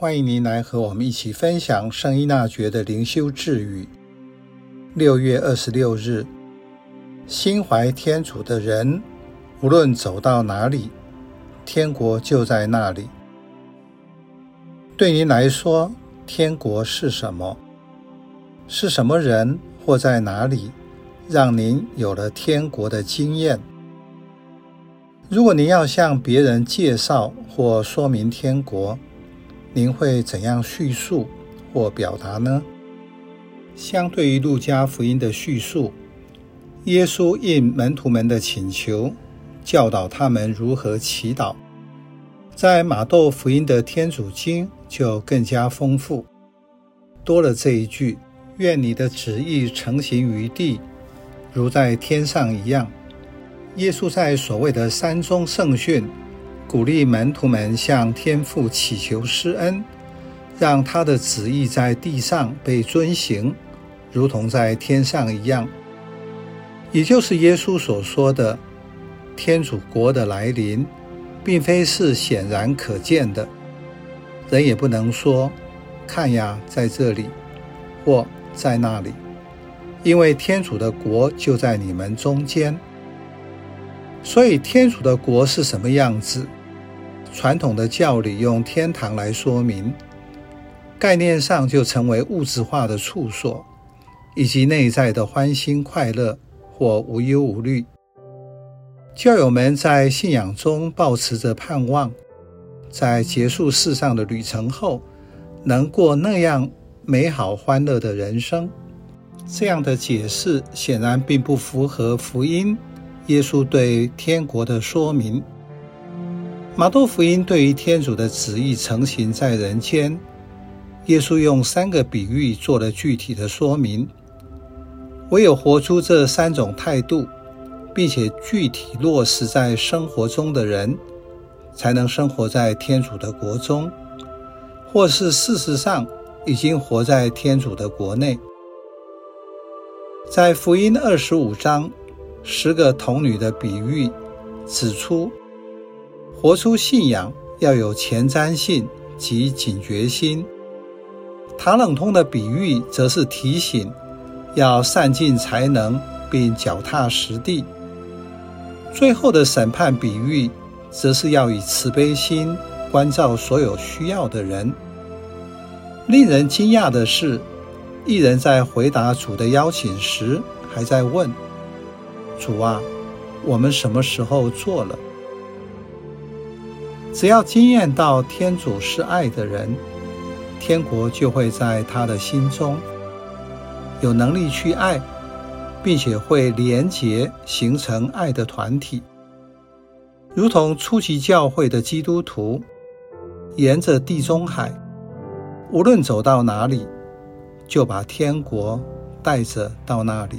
歡迎您來和我們一起分享聖依納爵的靈修智語。六月二十六日，心懷天主的人，無論走到哪裡，天國就在那裡。對您來說，天國是什麼？是什麼人或在哪裡，讓您有了天國的經驗？如果您要向別人介紹或說明天國，您會怎樣敘述或表達呢？相對於路加福音的敘述，耶穌應門徒們的請求，教導他們如何祈禱。在瑪竇福音的天主經就更加豐富，多了這一句：“願你的旨意承行於地，如在天上一樣。”耶穌在所謂的山中聖訓，鼓勵門徒們向天父祈求施恩，讓祂的旨意在地上被遵行，如同在天上一樣。也就是耶穌所說的，天主國的來臨，並非是顯然可見的。人也不能說看呀，在這裡，或在那裡，因為天主的國就在你們中間。所以，天主的國是什麼樣子？傳統的教理用天堂來說明，概念上就成為物質化的處所，以及內在的歡欣快樂或無憂無慮。教友們在信仰中抱持着盼望，在結束世上的旅程後，能過那樣美好歡樂的人生。這樣的解釋顯然並不符合福音耶穌對天國的說明。瑪竇福音對於天主的旨意承行在人間，耶穌用三個比喻做了具體的說明。唯有活出這三種態度，並且具體落實在生活中的人，才能生活在天主的國中，或是事實上已經活在天主的國內。在福音二十五章，十個童女的比喻指出。活出信仰要有前瞻性及警覺心。塔冷通的比喻則是提醒要善盡才能並腳踏實地。最後的審判比喻，則是要以慈悲心關照所有需要的人。令人驚訝的是，義人在回答主的邀請時，還在問：“主啊，我們什麼時候做了？”只要經驗到天主是愛的人，天國就會在他的心中，有能力去愛，並且會聯結形成愛的團體，如同初期教會的基督徒，沿着地中海，無論走到哪裡，就把天國帶着到那裡。